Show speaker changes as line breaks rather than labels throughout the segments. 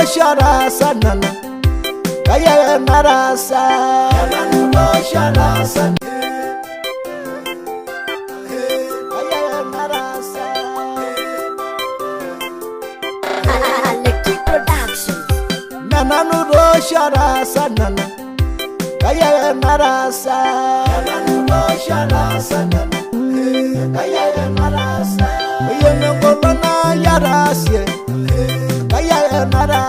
nanuboshalasanana kayayanarasa nanuboshalasanana mm. kayayanarasa yenengobana yarasie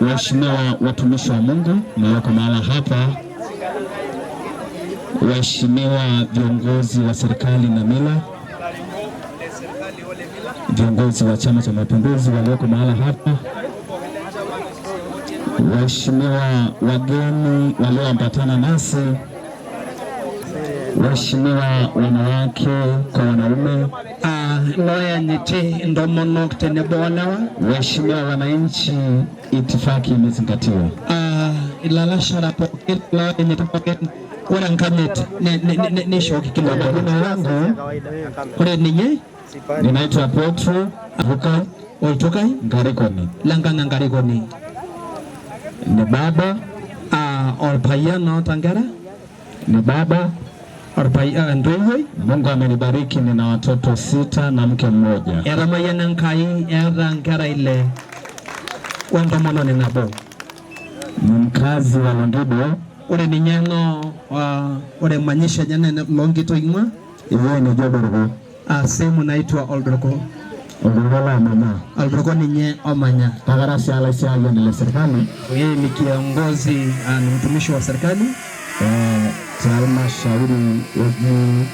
Waheshimiwa watumishi wa Mungu mlioko mahala hapa, waheshimiwa viongozi wa serikali na mila,
viongozi wa
Chama cha Mapinduzi walioko mahala hapa,
waheshimiwa wageni walioambatana nasi, waheshimiwa wanawake kwa
wanaume Loyal
ndomonok tenebo walewa.
Waheshimiwa wananchi,
itifaki imezingatiwa. Uh, ah,
ilalasha napokea Loyal
nitapokea ore enkanyit
neishooki kila mtu. Jina
langu ore ninye
ninaitwa Petro avuka
Oltukai Ngarikoni
Lankang' Ngarikoni
ni baba uh, ah,
orpayian oota
ni baba
Eh, Mungu amenibariki, nina
watoto sita na mke mmoja. Ni mkazi wa ni Ore
wa ore manyisha
jana longitoing'wa iwe
ni Ah, semu naitwa
Oldorgo. Oldorgo la
mama. ni nye omanya
ala si ala ni serikali.
Yeye ni kiongozi, ah, ni
mtumishi wa serikali eh
za halmashauri ya juu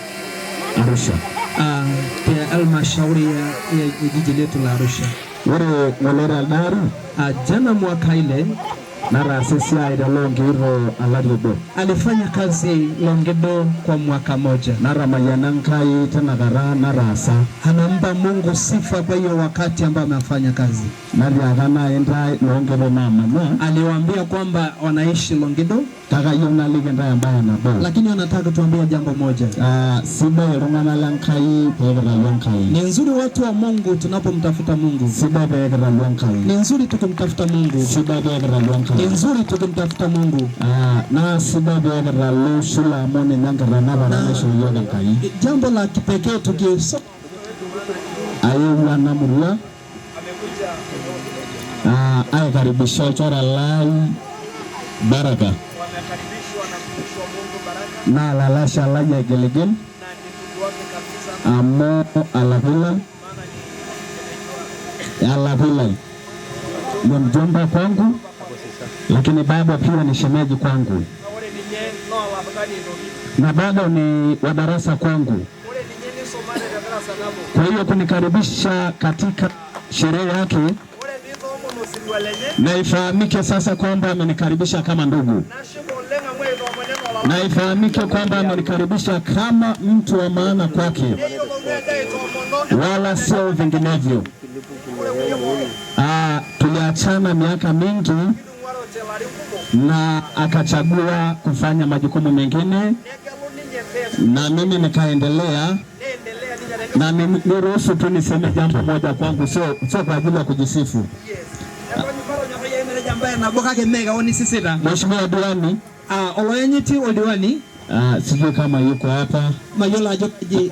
Arusha.
Ah, pia halmashauri ya,
ya jiji letu la Arusha wore
ng'olera dara ah, jana
mwaka ile naraasisi
aire longiro alagedo
alifanya kazi longido
kwa mwaka moja naramanyana
nkai tenakara naraasa anampa Mungu sifa kwa hiyo wakati ambao amefanya kazi nariaga naenda Longedo mama aliwaambia kwamba wanaishi longido kaka na ndaya mbaya na nabo lakini wanataka tuambie jambo moja ah sibe rungana lankai pekera lankai ni nzuri watu wa Mungu tunapomtafuta Mungu sibe pekera lankai ni nzuri tukimtafuta Mungu sibe pekera lankai ni nzuri tukimtafuta Mungu ah na sibe pekera lo shula mone nanga na na na shula lankai jambo la kipekee tukioso
ayo wana amekuja
ah ayo karibisho chora lai
Baraka na lalasha laja gelegel amu alahila
alahila ni mjomba
kwangu, lakini baba
pia ni shemeji kwangu, na bado ni wa darasa kwangu. Kwa hiyo kunikaribisha katika sherehe yake naifahamike sasa kwamba amenikaribisha kama ndugu na ifahamike kwamba amenikaribisha kama mtu wa maana kwake, wala sio vinginevyo.
Ah, tuliachana miaka mingi
na akachagua kufanya
majukumu mengine
na mimi nikaendelea,
na niruhusu
tu niseme jambo moja kwangu, sio
sio kwa ajili ya kujisifu.
Yaani Mheshimiwa Diwani
Ah, owenyiti Odiwani
Uh, ah, sijui kama yuko hapa mayola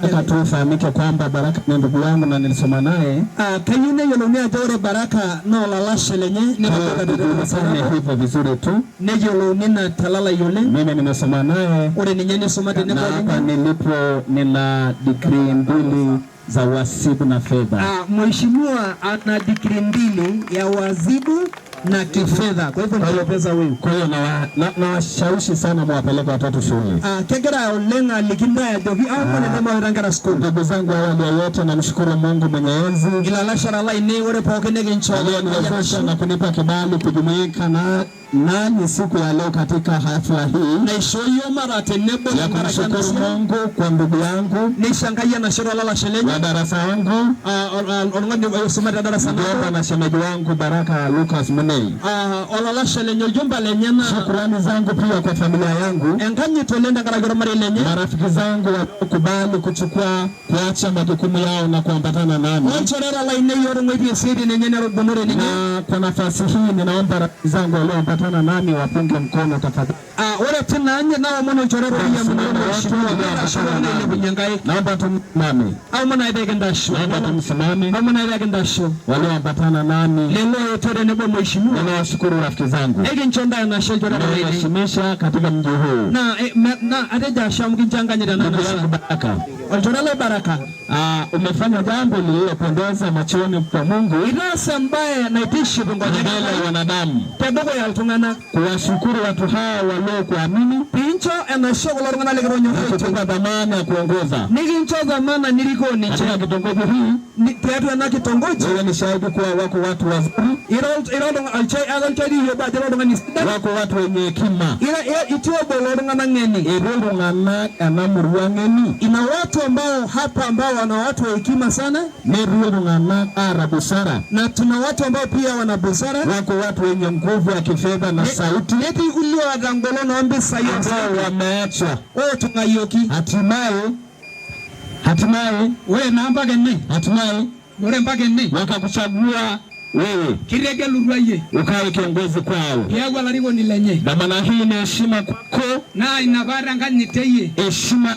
aka tufahamike
kwamba Baraka ni ndugu yangu na nilisoma naye kayune ah, yolomia jore
Baraka no lalashe lenye
nisane hivyo vizuri tu
neyolonina talala yole mimi
nimesoma naye ore ninye nisoma tena
hapa nilipo nina
degree mbili za wasibu
na fedha. Uh, mheshimiwa
ana degree mbili ya
wasibu na kifedha. Kwa hivyo
ndio pesa huyu. Kwa hiyo na
washawishi sana mwapeleke watoto shule.
Ah, kegera olenga likinda ya dogi
au kwa ndio mwa rangara school. Ndugu zangu wa
awali yote namshukuru Mungu Mwenyezi.
Ila la shara la ni ore poke nege
ncho. Aliyeniwezesha na kunipa kibali
kujumuika na nani
siku ya leo katika hafla hii
ya kumshukuru
Mungu kwa ndugu yangu
shelenye darasa
yangu Mjomba ah,
ah, eh, na shemeji wangu Baraka
Lucas Munei, ah,
shukrani zangu
pia kwa familia yangu,
marafiki zangu waliokubali kuchukua kuacha
majukumu yao na kuambatana nami, na kwa nafasi hii ninaomba
rafiki zangu walioambatana kufuatana nami wapunge
mkono tafadhali. Ah, Wale timu nao
mwana uchorero ya
mwana naomba
tumsimame au mwana idege ndasho
naomba tumsimame au mwana idege ndasho
walioambatana nami leo tore
nebo mheshimiwa, na nawashukuru rafiki zangu
ege nchonda na shel jora na heshimisha
katika mji huu na e, na
ateja shamu kinchanganyira na na
baraka walchoralo baraka.
Ah, umefanya jambo lililopendeza
machoni pa Mungu, irasa
mbaya na itishi tungoja wanadamu
tedogo ya lorung'ana kuwashukuru
watu hawa waliokuamini
pincho enasho kulo rung'ana likironyorechoa
dhamana ya kuongoza nikincho
dhamana nilikoniche katika kitongoji
hii tiatu ena kitongoji wewe ni
shahidi kuwa wako watu wazuri
iroalchaiyobaje lorung'ani
sidai wako watu wenye hekima
ila itiobo lorung'ana ng'eni eri
rung'ana ena murua ng'eni
ina watu ambao hapa ambao wana
watu wa hekima sana neri rung'ana
ara busara na tuna watu
ambao pia wana busara wako watu wenye
nguvu ya kifedha pamoja na sauti
ulio na sayo
ambao wameachwa, oh, tungayoki
hatimaye
hatimaye
hatimaye
wakakuchagua wewe kiregelurwa
ye ukawe kiongozi kwao
kiagwa lariko ni lenye na maana hii ni heshima
kwako na inavara
nganyiteye heshima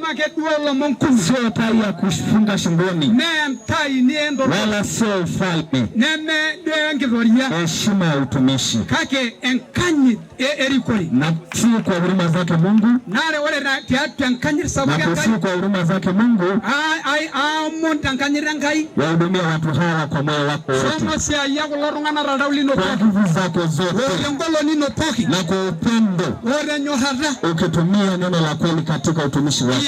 wala
Mungu sio tai ya kufunga
shingoni, wala
sio ufalme.
Heshima ya utumishi e- na si kwa huruma zake
Mungu, na
si kwa huruma zake Mungu wahudumia watu hawa kwa moyo wako
wote,
kwa nguvu zako zote
na kwa upendo,
ukitumia neno la
kweli katika utumishi wako.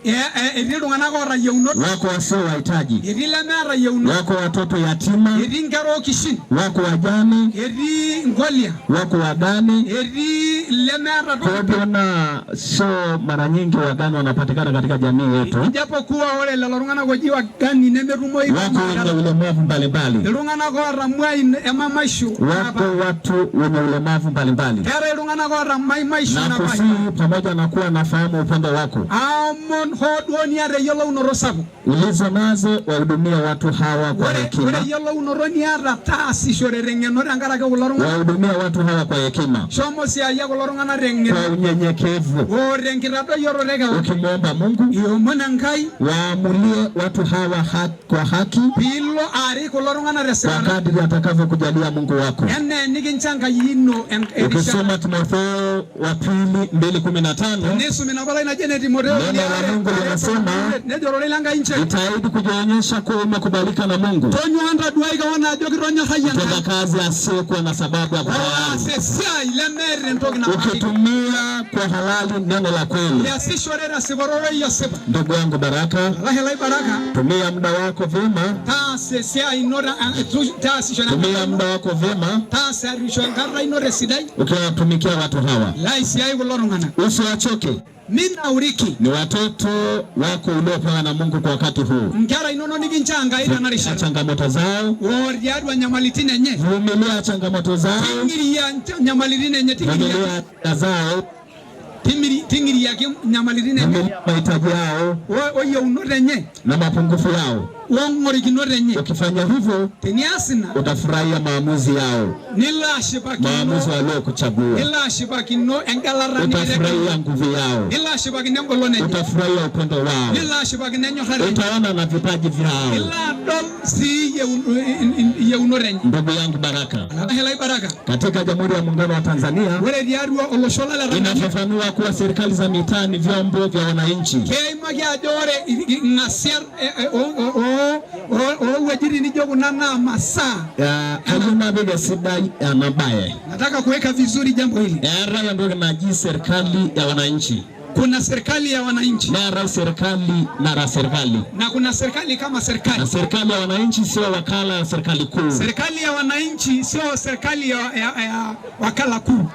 etii eh, eh, eh, iltung'anak oota
yieunot, wako wasio wahitaji, etii lemeeta
wako watoto yatima,
etii nkera okishin, wako wajane,
etii ngolia, wako
wagane, etii lemeeta
Na so mara
nyingi wagane wanapatikana katika jamii yetu,
lelo oji
wagani wako wenye ulemavu
mbalimbali, iltung'anak
oota wako watu
wenye ulemavu mbalimbali, keetai iltung'anak
oota na pamoja
na kuwa nafahamu upendo wako
Amo on hoɗoniyare yolowno rosago
lizo nazo wahudumia
watu hawa kwa hekima. Ore yolowno
niara taasi shore rengenore angarake
kulo tung'anak. Wahudumia watu hawa kwa hekima.
Shomo siaya kulo tung'anak rengen. Kwa
unyenyekevu. Ore
yoro keon. Ukimwomba Mungu. Iomon Enkai. Waamulie watu hawa
haki, kwa haki. Pilo
ari kulo tung'anak tesipata. Kwa kadiri atakavyokujalia
Mungu wako. Ene nikincha Enkai
ino erisha. Ukisoma Timotheo
wa pili mbili kumi na
tano. Nisumi napala inajene Timotheo. Neno
la Mungu linasema
nitaahidi kujionyesha kuwa
umekubalika na Mungu
kutenda kazi asiyokuwa
na sababu ya ah, kuhalali,
ukitumia
kwa halali neno la kweli. Ndugu yangu Baraka, tumia
muda wako vyema, tumia muda wako vyema
ukiwatumikia watu
hawa, usiwachoke.
Mimi na Uriki ni watoto
wako uliopewa na Mungu kwa
wakati huu. Ngara inono ni
ila narisha changamoto zao. Woriad
wa nyamalitine nye. Vumilia
changamoto zao. Tingiria nyamalitine
nye tingiria. Vumilia zao.
Timiri tingiria
nyamalitine nye. Mahitaji yao. Wao
yao nye. Na mapungufu
yao. Ukifanya
hivyo utafurahia
maamuzi yao,
maamuzi waliokuchagua,
utafurahia nguvu
yao, utafurahia
upendo wao,
utaona na vipaji vyao, Ndugu yangu Baraka,
katika Jamhuri ya Muungano wa Tanzania inafafanua kuwa serikali za mitaa ni vyombo
vya wananchi owuejiri nijo
kuna masaa Nataka kuweka vizuri jambo hili.
serikali ya wananchi. Kuna serikali ya wananchi.
serikali serikali. Na kuna serikali kama serikali. serikali
ya wananchi sio wakala ya serikali kuu.
Serikali ya wananchi sio serikali
ya, ya, ya wakala kuu.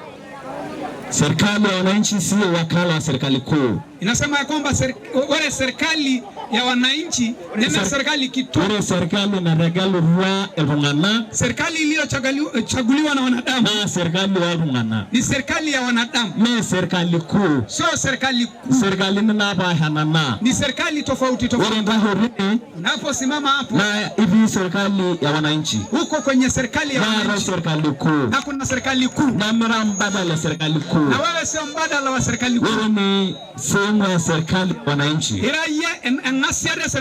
Serikali ya
wananchi sio wakala wa serikali kuu. Inasema ya kwamba ser, wale serikali ya wananchi nena
serikali kitu. Ore serikali
nategelelwa elungana Serikali
iliyochaguliwa na wanadamu. Na
serikali wa elungana Ni serikali ya
wanadamu. Na serikali kuu. Sio
serikali kuu. Serikali napashanana.
Ni serikali tofauti tofauti. Ore
ntahori. Unaposimama hapo.
Na hivi serikali ya wananchi.
Huko kwenye serikali ya wananchi. Na serikali
kuu. Na kuna serikali kuu. Na mara
mbadala serikali kuu. Na wewe sio mbadala
wa serikali kuu. Wewe ni sehemu
ya serikali wananchi. Iraia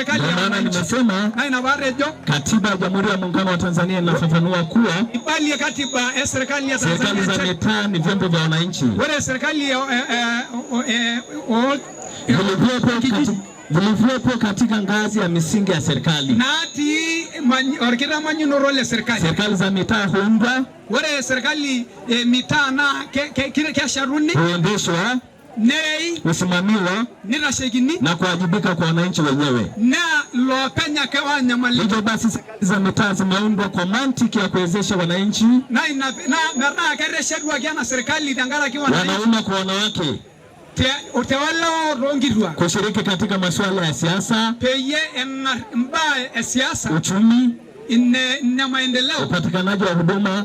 kwa maana nimesema katiba ya Jamhuri ya Muungano wa Tanzania inafafanua kuwa
eh, serikali
za mitaa ni vyombo vya wananchi
vilivyopo katika
ngazi ya misingi ya serikali. Serikali za mitaa huundwa,
eh,
huendeshwa
Nei, kusimamiwa
shegini na kuwajibika kwa
wananchi wenyewe.
Hivyo basi za
mitaa zimeundwa kwa mantiki ya kuwezesha
wananchi wanaume kwa
wanawake kushiriki
katika masuala ya siasa, e uchumi na
maendeleo, upatikanaji wa huduma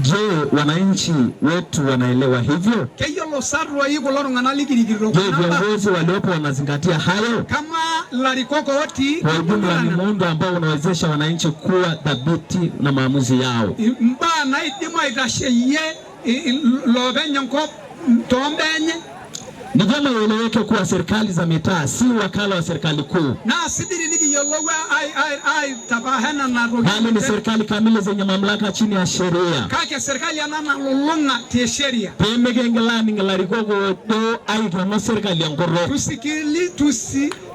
Je, wananchi wetu
wanaelewa hivyo? Je, viongozi waliopo wanazingatia hayo?
Kwa ujumla, ni
muundo ambao unawezesha wananchi kuwa
dhabiti na maamuzi yao. mbaa naidim aitasheyie loopeny enkop
ni vyema ieleweke kuwa serikali za mitaa
si wakala wa serikali kuu,
bali ni serikali kamili
zenye mamlaka chini ya sheria.
pemekengelani ngelarikogodo
serikali ya ngoro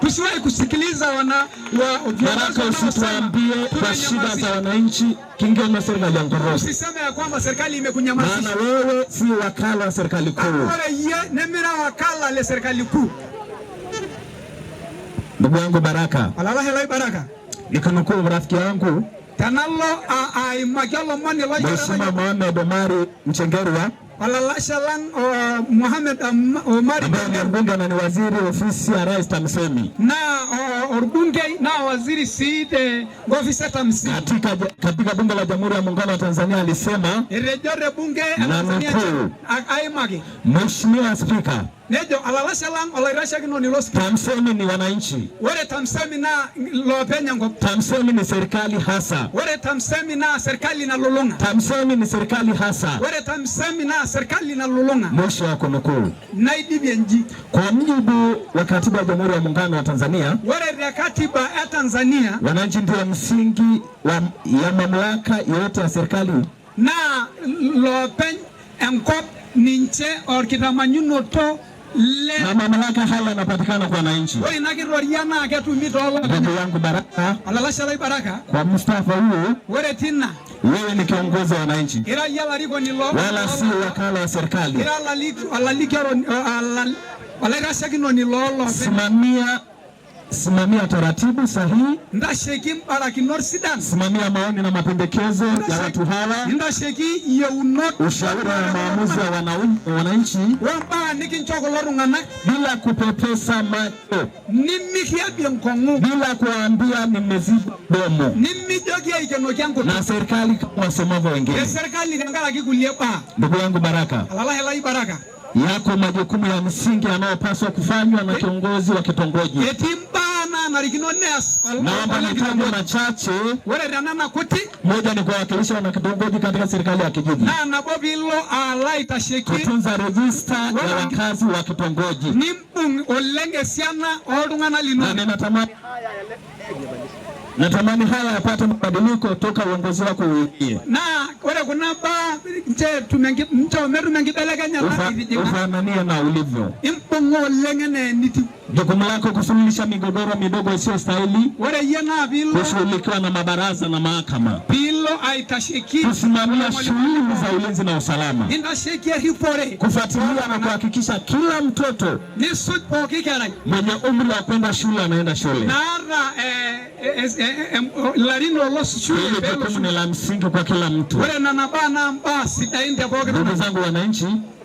tusiwahi
kusikiliza wana, wa, baraka usituambie kwa shida za wananchi kingine serikali ya
ngoro. Usiseme ya kwamba serikali imekunyamazisha.
Maana wewe si wakala wa serikali
kuu. Nemira wakala
le serikali kuu.
Ndugu yangu Baraka.
Alala helai Baraka. Nikanukuu
rafiki yangu. Tanalo a
a imagalo mani la Mheshimiwa Mohamed Omari Mchengerwa
uh, Mohamed
Omar Omari mbunge na ni waziri
ofisi ya Rais TAMISEMI na uh, orbunge na waziri
siite ofisi ya TAMISEMI
katika katika bunge la Jamhuri ya Muungano wa
Tanzania alisema rejore bunge
Tanzania aimaki
Mheshimiwa Spika nejo
alalasha lang olairashagi ni nilos tamsemi
ni wananchi wore tamsemi na
lopenyango tamsemi ni
serikali hasa wore tamsemi na
serikali na inalolonga tamsemi ni serikali
hasa wore tamsemi na serikali
na inalolonga. Mwisho wa kunukuu.
naidivye nji kwa mujibu
wa katiba ya Jamhuri ya Muungano wa Tanzania
wore rya katiba ya Tanzania
wananchi ndio msingi wa,
ya mamlaka yote ya serikali
na lopeny enkop ninche orkitamanyunoto na mamlaka haya yanapatikana kwa wananchi.
Ore ina kiroria na ketumi Ndugu
yangu Baraka. Olalasharai Baraka.
Kwa Mustafa huo. wewe tina.
Wewe ni kiongozi wa wananchi. Ira
yala riko ni lo. Wala si wakala wa
serikali. Ira laliko alalikero
alalirashakino ni lolo. Simamia
simamia taratibu sahihi
ndasheki baraki nor sidan simamia maoni na mapendekezo ya watu hawa
ndasheki yeunot ushauri
wa maamuzi ya wananchi
wamba nikinchokolorungana
bila kupepesa macho
nimikiabie nkongu bila
kuambia nimeziba domo
nimijokia ikeno kyangu na serikali
kama wasomavo wengine serikali
ngangalaki kulieba ndugu yangu baraka
alala hela hii baraka yako majukumu
ya msingi yanayopaswa kufanywa na
kiongozi wa kitongoji. Naomba nitaje machache.
Moja ni kuwakilisha kitongoji
katika serikali ya kijiji,
kutunza rejista
ya wakazi wa kitongoji. Ninatamani Natamani haya
yapate mabadiliko toka uongozi wako uingie. Na wale kunaba
nche tumengi nche umeru
mengibelekenya ufa, ufamania na
ulivyo. Impungo lengene ne
Jukumu lako kusuluhisha migogoro
midogo isiyo stahili
kushughulikiwa na mabaraza na mahakama, kusimamia shughuli za ulinzi na usalama,
kufuatilia
na kuhakikisha kila mtoto
mwenye umri wa
kwenda shule anaenda shule.
Hili jukumu ni la msingi
kwa kila mtu. Eh,
Ndugu zangu wananchi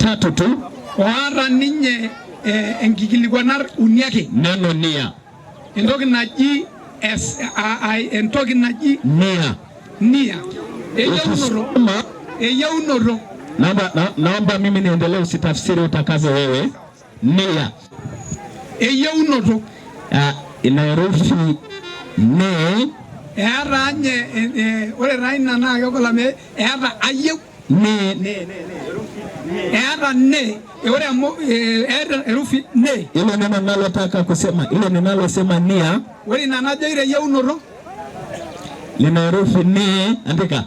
tatu tu oata
ninye eh, enkikilikuanar
uni ake neno nia
entoki naji S a,
a, entoki naji nia
nia eyieunoto
eyieunoto naomba, na, naomba mimi niendelee usitafsiri
utakavyo wewe nia
eyieunoto ina herufi
ne eata nye e, e, ore taa ina naa kegol amu eata ayieu eata ne ore amu
eata herufi ne, ile neno ninalotaka kusema, ile ninalosema
nia, ore na najo ile yeunoto
lina erufi ne, andika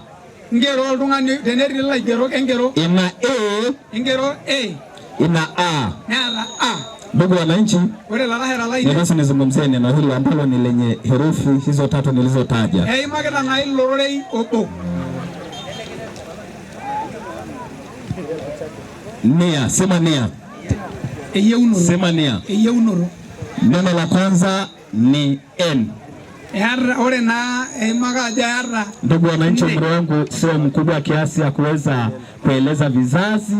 ngero
oltung'ani tenetii laigerok engero ina
e engero e
ina a neata a
Ndugu wananchi, darasa nizungumzia neno hilo ambalo ni lenye herufi hizo tatu nilizotaja.
Eimakita naa ilo rorei obo nea, sema unoro.
sema unoro. Neno la kwanza
ni N. Eh,
Ndugu wananchi, umri wangu sio mkubwa kiasi ya kuweza kueleza vizazi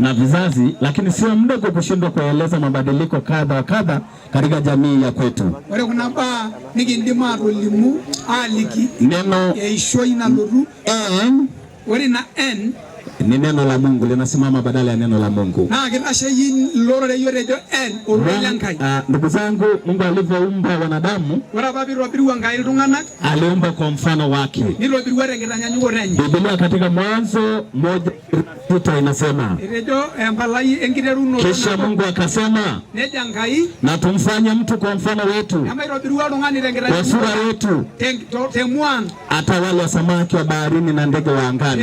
na vizazi, lakini sio mdogo kushindwa kueleza mabadiliko kadha wa kadha katika jamii
ya kwetu. Neno N
ni neno la Mungu linasimama badala ya neno la Mungu. Ah, ah, ndugu zangu, Mungu alivyoumba
wanadamu
aliumba kwa mfano wake.
Biblia katika
Mwanzo moja inasema, eh,
kisha Mungu akasema,
na tumfanye mtu kwa
mfano wetu,
kwa sura yetu, atawala samaki wa baharini
na ndege wa angani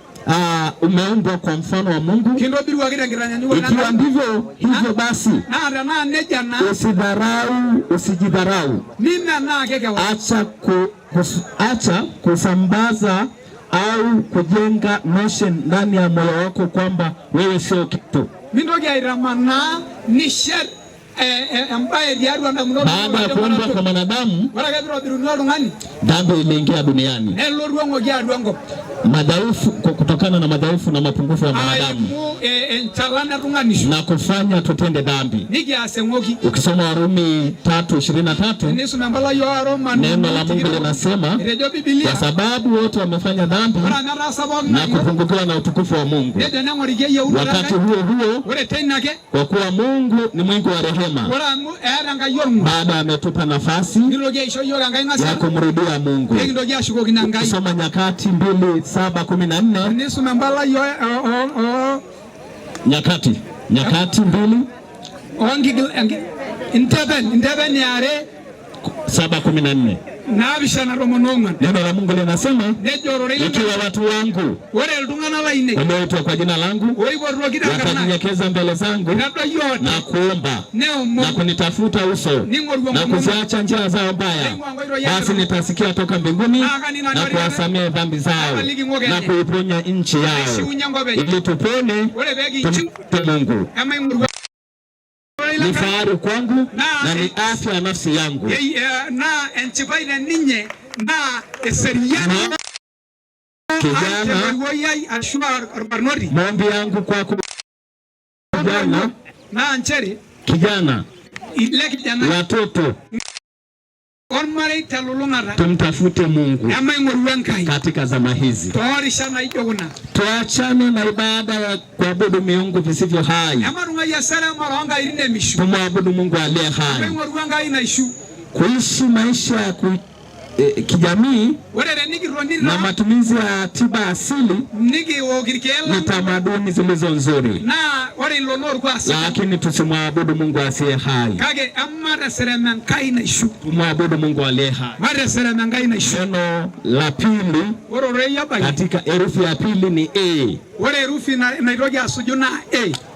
Uh, ah, umeumbwa kwa mfano wa Mungu. Ikiwa ndivyo hivyo ah, basi, ah, usidharau, usijidharau. Acha, ku, kus, acha kusambaza au kujenga notion ndani ya moyo wako kwamba wewe sio kitu.
Eh, eh, baada ya
kuumbwa kwa mwanadamu dhambi iliingia duniani,
eh, madhaifu
kutokana na madhaifu na mapungufu
ya mwanadamu
na kufanya tutende dhambi. Ukisoma Warumi
3:23 ishirini
neno la Mungu linasema kwa sababu wote wamefanya dhambi na kupungukiwa na utukufu wa Mungu. Wakati huo huo, kwa kuwa Mungu ni mwingi wa rehema amesema eh, bado ametupa nafasi ya
kumrudia Mungu. Ukisoma Nyakati mbili saba kumi na nne eh, oh, oh, oh. Nyakati
Nyakati mbili saba kumi na nne Neno la Mungu linasema ikiwa watu wangu wameitwa kwa jina langu watanyenyekeza mbele zangu na kuomba na kunitafuta uso na kuziacha njia zao mbaya, basi nitasikia toka mbinguni na kuwasamehe dhambi zao na kuiponya nchi yao ili tupone tumpe
Mungu ni fahari kwangu na ni eh, afya ya nafsi yangu eh, eh, na
enchibaire ninye na
eseriana
kijana maombi yangu kwako
kijana kijana watoto
E Tumtafute Mungu katika zama hizi, tuachane na ibada ya kuabudu miungu visivyo hai,
tumwabudu Mungu aliye hai, kuishi maisha
ya eh, kijamii na matumizi ya tiba asili
na tamaduni zilizo nzuri, lakini tusimwabudu Mungu asiye hai,
tumwabudu Mungu aliye hai. Neno la pili katika herufi ya pili ni A.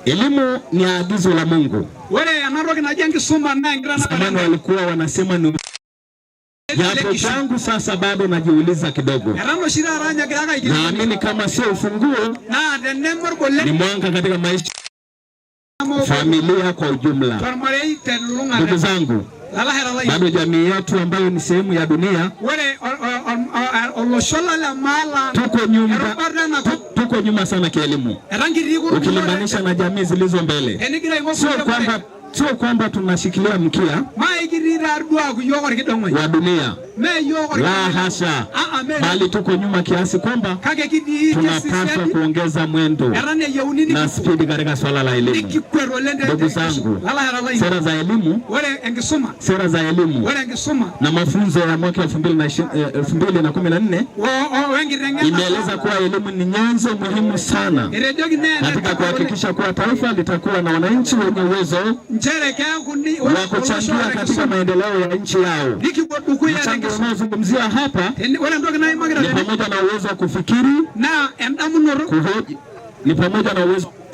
Elimu ni agizo la Mungu.
Wale anaroki na na jengi suma ingrana. Samani walikuwa wanasema ni Yapo changu sasa, bado
najiuliza kidogo.
Naamini kama sio ufunguo ni mwanga katika maisha familia kwa ujumla. Ndugu zangu, bado jamii yetu ambayo ni sehemu ya dunia tuko nyuma, tuko nyuma sana kielimu ukilinganisha na jamii zilizo mbele, sio kwamba sio kwamba tunashikilia mkia wa dunia, la hasha, ah, ah, bali tuko nyuma kiasi kwamba tunapaswa kuongeza mwendo na spidi katika swala la elimu. Ndugu zangu, sera za elimu sera za elimu na mafunzo ya mwaka nne imeeleza kuwa elimu ni nyenzo muhimu sana katika kuhakikisha kuwa taifa litakuwa na wananchi wenye uwezo wa kuchangia katika maendeleo ya nchi yao. Mchango unaozungumzia hapa eh, ni pamoja na uwezo wa kufikiri, noro ni pamoja na uwezo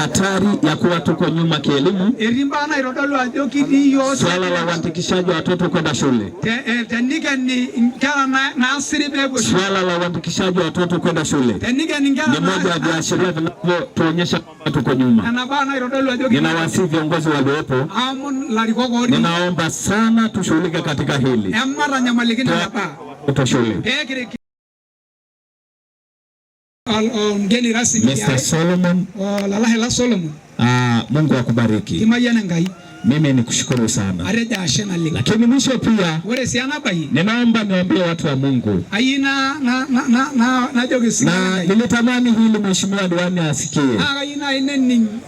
hatari ya kuwa tuko nyuma kielimu, swala la uandikishaji wa watoto kwenda shule, eh, swala la uandikishaji wa watoto kwenda shule ni moja ya viashiria vinavyotuonyesha tuko nyuma. Ninawasihi viongozi waliopo, ninaomba sana tushughulike katika hili mgeni rasmi Mr. Solomon Lalalela oh, Solomon. Ah, Mungu akubariki. Imayana ngai. Mimi ni kushukuru sana lakini mwisho pia ninaomba
niwaambie watu wa Mungu na,
na, na, na, na nilitamani hili mheshimiwa diwani asikie. Ah,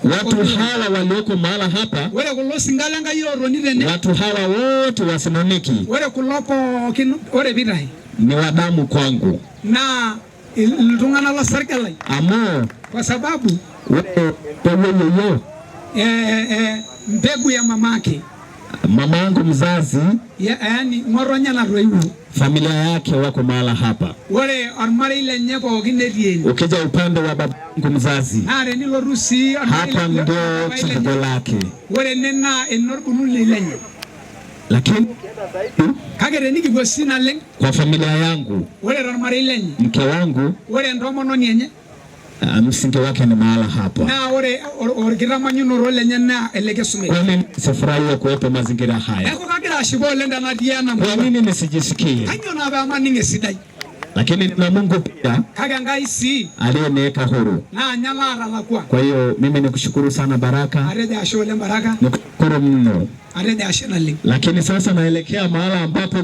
watu hawa walioko mahala hapa, watu
hawa wote wasinuniki
ni wadamu kwangu na
ilitungana la serikali
ama kwa sababu wewe eh,
eh, eh, mbegu ya mamake mama yangu mzazi
ya, yani eh, ngoronya na roiwu familia yake wako mahala hapa
wale armari lenye kwa
kinetieni ukija upande wa baba yangu mzazi are ni lorusi hapa ndio chaguo lake wale nena enorkunu eh, lenye lakini hmm? kagereniki gosina leng kwa familia yangu wale ramari leng mke wangu wale ndomono nyenye
Uh, msingi wake ni mahala hapa na ore orgiramanyu or, lenye na elege sume kwa nini sifurahie
kuwepo mazingira haya kwa kagira shibo lenda na diana kwa nini nisijisikie hanyo na ba amani ngesidai lakini na Mungu pia aliyeniweka huru. Kwa hiyo mimi nikushukuru sana Baraka, nikushukuru mno, lakini sasa naelekea mahala ambapo